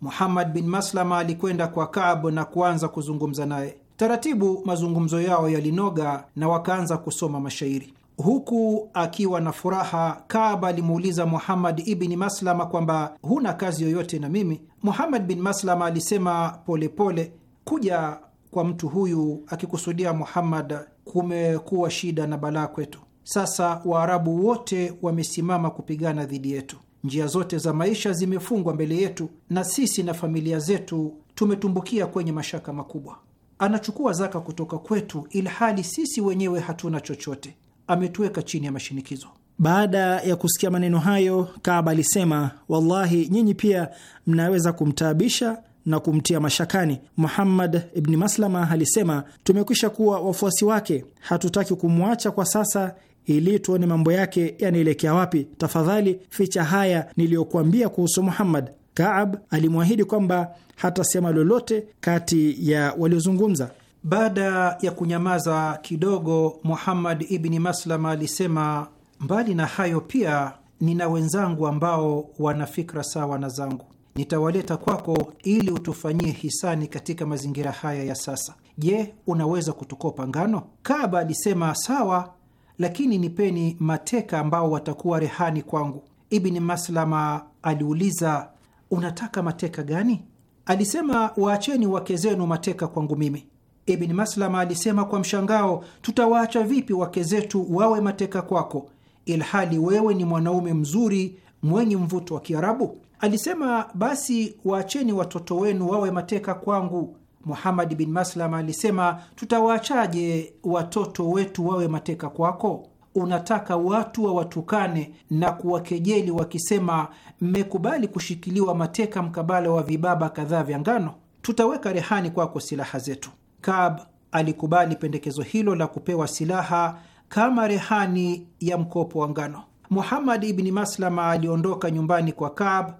Muhammad bin Maslama alikwenda kwa Kaabu na kuanza kuzungumza naye taratibu. Mazungumzo yao yalinoga na wakaanza kusoma mashairi huku akiwa na furaha. Kaaba alimuuliza Muhammad ibni Maslama kwamba huna kazi yoyote na mimi? Muhammad bin Maslama alisema polepole, kuja kwa mtu huyu akikusudia Muhammad kumekuwa shida na balaa kwetu. Sasa Waarabu wote wamesimama kupigana dhidi yetu, njia zote za maisha zimefungwa mbele yetu, na sisi na familia zetu tumetumbukia kwenye mashaka makubwa. Anachukua zaka kutoka kwetu, ilhali sisi wenyewe hatuna chochote. Ametuweka chini ya mashinikizo. Baada ya kusikia maneno hayo, Kaaba alisema, wallahi, nyinyi pia mnaweza kumtaabisha na kumtia mashakani. Muhammad Ibni Maslama alisema, tumekwisha kuwa wafuasi wake, hatutaki kumwacha kwa sasa ili tuone mambo yake yanaelekea wapi. Tafadhali ficha haya niliyokuambia kuhusu Muhammad. Kaab alimwahidi kwamba hatasema lolote kati ya waliozungumza. Baada ya kunyamaza kidogo, Muhammad Ibni Maslama alisema, mbali na hayo pia nina wenzangu ambao wana fikra sawa na zangu nitawaleta kwako ili utufanyie hisani katika mazingira haya ya sasa. Je, unaweza kutukopa ngano? Kaaba alisema sawa, lakini nipeni mateka ambao watakuwa rehani kwangu. Ibni Maslama aliuliza, unataka mateka gani? Alisema, waacheni wake zenu mateka kwangu mimi. Ibni Maslama alisema kwa mshangao, tutawaacha vipi wake zetu wawe mateka kwako, ilhali wewe ni mwanaume mzuri mwenye mvuto wa Kiarabu? Alisema, basi waacheni watoto wenu wawe mateka kwangu. Muhamad bin maslama alisema, tutawaachaje watoto wetu wawe mateka kwako? Unataka watu wawatukane na kuwakejeli wakisema, mmekubali kushikiliwa mateka mkabala wa vibaba kadhaa vya ngano? Tutaweka rehani kwako silaha zetu. Kab alikubali pendekezo hilo la kupewa silaha kama rehani ya mkopo wa ngano. Muhamad ibni Maslama aliondoka nyumbani kwa Kab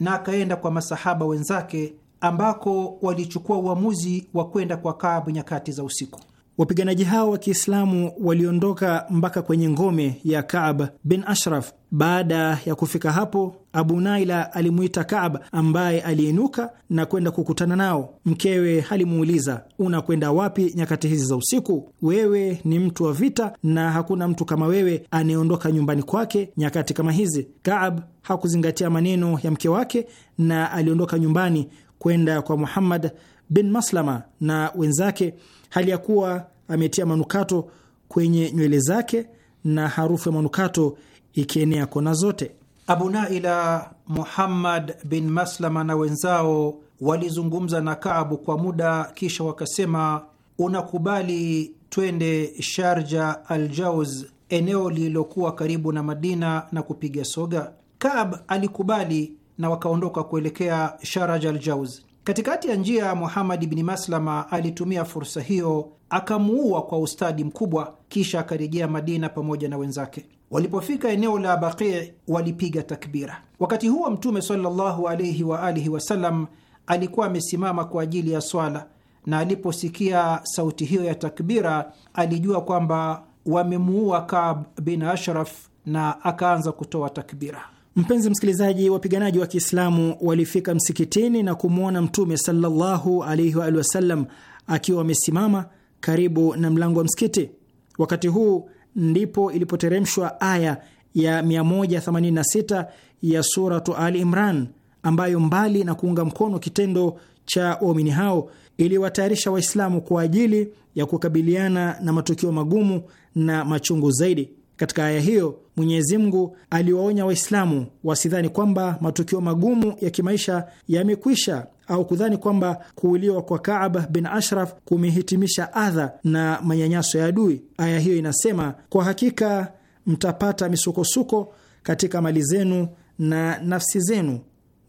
na akaenda kwa masahaba wenzake ambako walichukua uamuzi wa kwenda kwa Kaabu nyakati za usiku. Wapiganaji hao wa Kiislamu waliondoka mpaka kwenye ngome ya Kaab bin Ashraf baada ya kufika hapo, Abu Naila alimwita Kaab ambaye aliinuka na kwenda kukutana nao. Mkewe alimuuliza, unakwenda wapi nyakati hizi za usiku? Wewe ni mtu wa vita na hakuna mtu kama wewe anayeondoka nyumbani kwake nyakati kama hizi. Kaab hakuzingatia maneno ya mke wake na aliondoka nyumbani kwenda kwa Muhammad bin Maslama na wenzake, hali ya kuwa ametia manukato kwenye nywele zake na harufu ya manukato ikienea kona zote. Abu Naila Muhammad bin Maslama na wenzao walizungumza na Kaabu kwa muda, kisha wakasema, unakubali twende Sharja Aljauz, eneo lililokuwa karibu na Madina na kupiga soga? Kaab alikubali na wakaondoka kuelekea Sharaj Aljauz. Katikati ya njia, Muhamadi bin Maslama alitumia fursa hiyo akamuua kwa ustadi mkubwa, kisha akarejea Madina pamoja na wenzake. Walipofika eneo la Baqii walipiga takbira. Wakati huo Mtume sallallahu wa alihi wasallam alikuwa amesimama kwa ajili ya swala, na aliposikia sauti hiyo ya takbira alijua kwamba wamemuua Kab bin Ashraf na akaanza kutoa takbira. Mpenzi msikilizaji, wapiganaji wa Kiislamu walifika msikitini na kumwona Mtume sallallahu wa alihi wasallam akiwa amesimama karibu na mlango wa msikiti. Wakati huu ndipo ilipoteremshwa aya ya 186 ya Suratu Ali Imran ambayo mbali na kuunga mkono kitendo cha waumini hao iliwatayarisha Waislamu kwa ajili ya kukabiliana na matukio magumu na machungu zaidi. Katika aya hiyo Mwenyezi Mungu aliwaonya Waislamu wasidhani kwamba matukio magumu ya kimaisha yamekwisha au kudhani kwamba kuuliwa kwa Kaab bin Ashraf kumehitimisha adha na manyanyaso ya adui. Aya hiyo inasema, kwa hakika mtapata misukosuko katika mali zenu na nafsi zenu,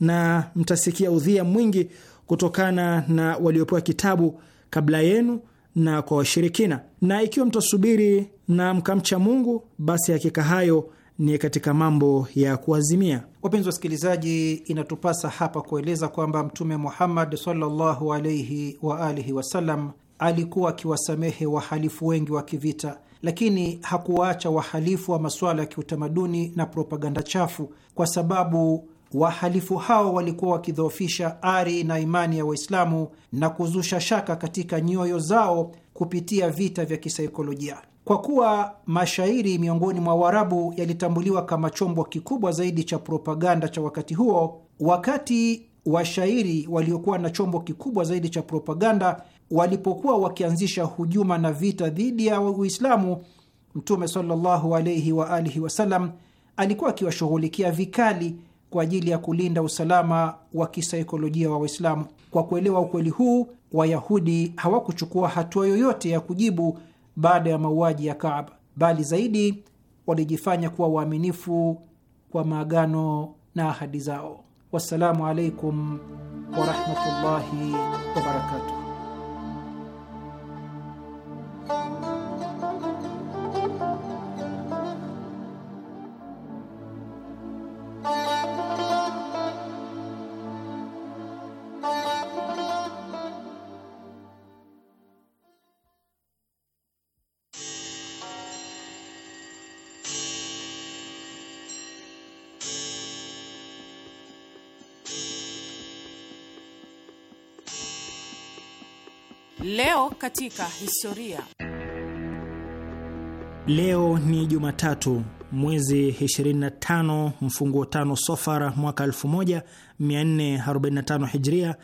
na mtasikia udhia mwingi kutokana na waliopewa kitabu kabla yenu na kwa washirikina, na ikiwa mtasubiri na mkamcha Mungu, basi hakika hayo ni katika mambo ya kuazimia. Wapenzi wasikilizaji, inatupasa hapa kueleza kwamba Mtume Muhammad sallallahu alaihi wa alihi wasallam alikuwa akiwasamehe wahalifu wengi wa kivita, lakini hakuwaacha wahalifu wa masuala ya kiutamaduni na propaganda chafu, kwa sababu wahalifu hao walikuwa wakidhoofisha ari na imani ya Waislamu na kuzusha shaka katika nyoyo zao kupitia vita vya kisaikolojia. Kwa kuwa mashairi miongoni mwa Waarabu yalitambuliwa kama chombo kikubwa zaidi cha propaganda cha wakati huo, wakati washairi waliokuwa na chombo kikubwa zaidi cha propaganda walipokuwa wakianzisha hujuma na vita dhidi ya Uislamu, Mtume sallallahu alaihi wa alihi wasallam alikuwa akiwashughulikia vikali kwa ajili ya kulinda usalama wa kisaikolojia wa Waislamu. Kwa kuelewa ukweli huu, Wayahudi hawakuchukua hatua yoyote ya kujibu baada ya mauaji ya Kaaba, bali zaidi walijifanya kuwa waaminifu kwa maagano na ahadi zao. Wassalamu alaikum warahmatullahi wabarakatuh. Leo katika historia. Leo ni Jumatatu mwezi 25 mfunguo tano Sofara mwaka 1445 Hijria,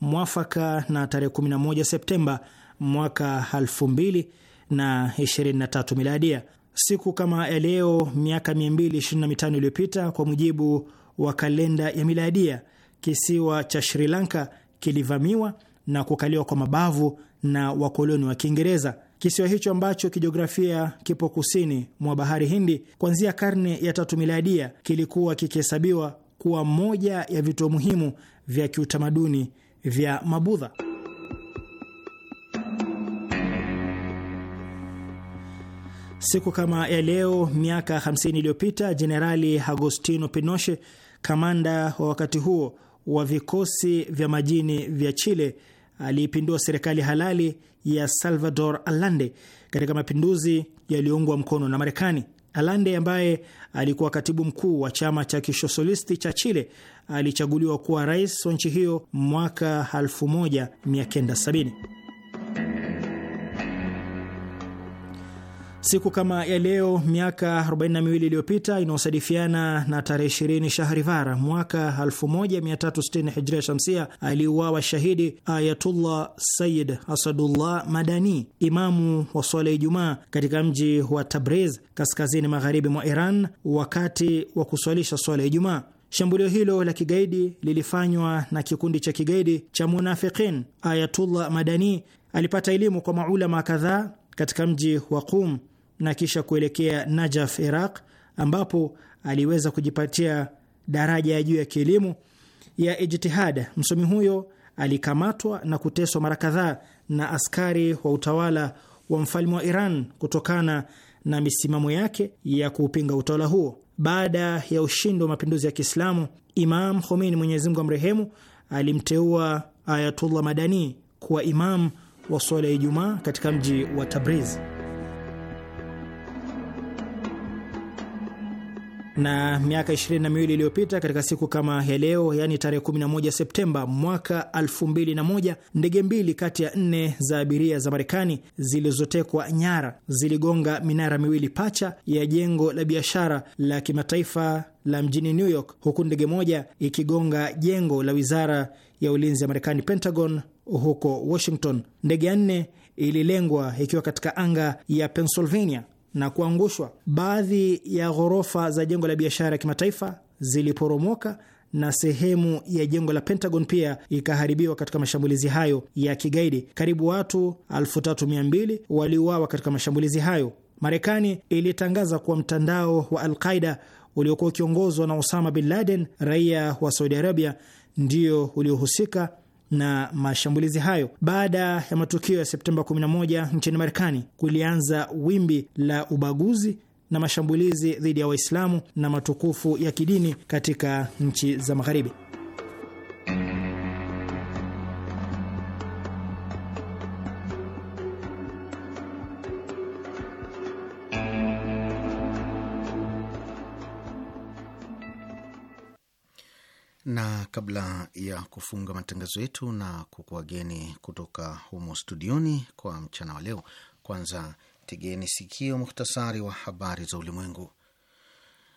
mwafaka na tarehe 11 Septemba mwaka 2023 Miladia. Siku kama ya leo miaka 225 iliyopita, kwa mujibu wa kalenda ya Miladia, kisiwa cha Sri Lanka kilivamiwa na kukaliwa kwa mabavu na wakoloni wa Kiingereza. Kisiwa hicho ambacho kijiografia kipo kusini mwa bahari Hindi, kuanzia karne ya tatu miladia kilikuwa kikihesabiwa kuwa moja ya vituo muhimu vya kiutamaduni vya Mabudha. Siku kama ya leo miaka 50 iliyopita Jenerali Agostino Pinochet, kamanda wa wakati huo wa vikosi vya majini vya Chile, aliipindua serikali halali ya Salvador Allende katika mapinduzi yaliyoungwa mkono na Marekani. Allende ambaye alikuwa katibu mkuu wa chama cha kishosolisti cha Chile alichaguliwa kuwa rais wa nchi hiyo mwaka 1970. Siku kama ya leo miaka 42 iliyopita inayosadifiana na tarehe 20 Shahrivar mwaka 1360 Hijria Shamsia, aliuawa shahidi Ayatullah Sayyid Asadullah Madani, imamu wa swala ya Ijumaa katika mji wa Tabriz, kaskazini magharibi mwa Iran, wakati wa kuswalisha swala ya Ijumaa. Shambulio hilo la kigaidi lilifanywa na kikundi cha kigaidi cha Munafiqin. Ayatullah Madani alipata elimu kwa maulama kadhaa katika mji wa Qum na kisha kuelekea Najaf, Iraq, ambapo aliweza kujipatia daraja ya juu ya kielimu ya ijtihada. Msomi huyo alikamatwa na kuteswa mara kadhaa na askari wa utawala wa mfalme wa Iran kutokana na misimamo yake ya kuupinga utawala huo. Baada ya ushindi wa mapinduzi ya Kiislamu, Imam Khomeini, Mwenyezi Mungu amrehemu, alimteua Ayatullah Madani kuwa imam wa swala ya Ijumaa katika mji wa Tabriz. na miaka miwili iliyopita katika siku kama ya leo, yaani tarehe 11 Septemba mwaka 2001, ndege mbili kati ya nne za abiria za Marekani zilizotekwa nyara ziligonga minara miwili pacha ya jengo la biashara la kimataifa la mjini New York, huku ndege moja ikigonga jengo la wizara ya ulinzi ya Marekani, Pentagon, huko Washington. Ndege ya nne ililengwa ikiwa katika anga ya Pennsylvania na kuangushwa. Baadhi ya ghorofa za jengo la biashara ya kimataifa ziliporomoka na sehemu ya jengo la Pentagon pia ikaharibiwa katika mashambulizi hayo ya kigaidi. Karibu watu 3200 waliuawa katika mashambulizi hayo. Marekani ilitangaza kuwa mtandao wa Alqaida uliokuwa ukiongozwa na Osama bin Laden, raia wa Saudi Arabia, ndio uliohusika na mashambulizi hayo. Baada ya matukio ya Septemba 11 nchini Marekani, kulianza wimbi la ubaguzi na mashambulizi dhidi ya Waislamu na matukufu ya kidini katika nchi za Magharibi. na kabla ya kufunga matangazo yetu na kukuageni kutoka humo studioni kwa mchana wa leo, kwanza tegeni sikio muhtasari wa habari za ulimwengu.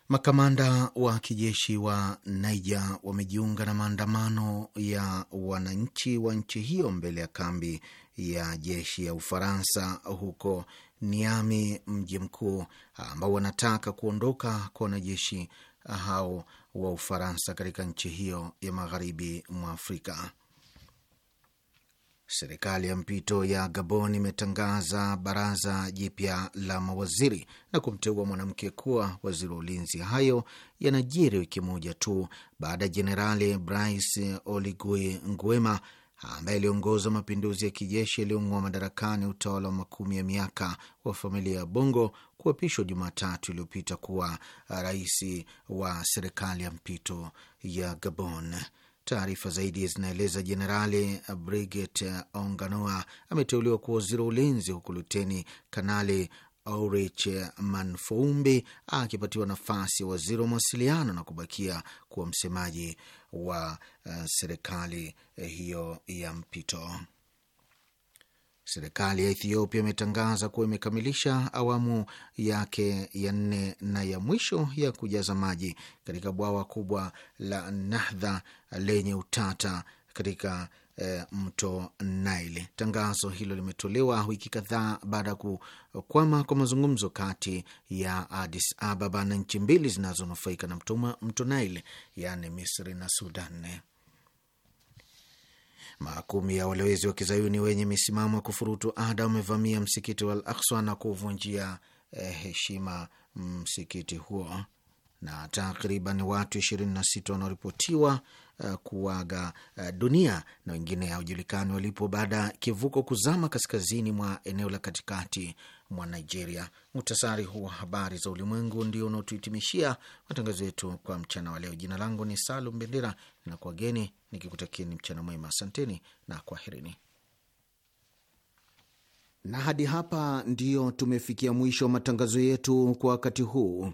Makamanda wa kijeshi wa Niger wamejiunga na maandamano ya wananchi wa nchi hiyo mbele ya kambi ya jeshi ya Ufaransa huko Niami, mji mkuu, ambao wanataka kuondoka kwa wanajeshi hao wa Ufaransa katika nchi hiyo ya magharibi mwa Afrika. Serikali ya mpito ya Gabon imetangaza baraza jipya la mawaziri na kumteua mwanamke kuwa waziri wa ulinzi. Hayo yanajiri wiki moja tu baada ya Jenerali Brice Oligui Nguema ambaye aliongoza mapinduzi ya kijeshi yaliyong'oa madarakani utawala wa makumi ya miaka wa familia ya Bongo kuapishwa Jumatatu iliyopita kuwa rais wa serikali ya mpito ya Gabon. Taarifa zaidi zinaeleza Jenerali Briget Onganoa ameteuliwa kuwa waziri wa ulinzi, huku luteni kanali Aurich Manfoumbi akipatiwa nafasi ya waziri wa mawasiliano na kubakia kuwa msemaji wa uh, serikali eh, hiyo ya mpito. Serikali ya Ethiopia imetangaza kuwa imekamilisha awamu yake ya nne na ya mwisho ya kujaza maji katika bwawa kubwa la Nahdha lenye utata katika e, mto Nile. Tangazo hilo limetolewa wiki kadhaa baada ya kukwama kwa mazungumzo kati ya Addis Ababa na nchi mbili zinazonufaika na mtuma, mto Nile, yaani Misri na Sudan. Makumi ya walowezi wa kizayuni wenye misimamo ya kufurutu ada wamevamia msikiti wa Al Aksa na kuvunjia eh, heshima msikiti huo na takriban watu 26 wanaoripotiwa Eh, kuaga eh, dunia na wengine haujulikani walipo baada ya kivuko kuzama kaskazini mwa eneo la katikati mwa Nigeria. Muhtasari huu wa habari za ulimwengu ndio unaotuhitimishia matangazo yetu kwa mchana wa leo. Jina langu ni Salum Bendera na kwa geni nikikutakieni mchana mwema, asanteni na kwaherini. Na hadi hapa ndiyo tumefikia mwisho wa matangazo yetu kwa wakati huu.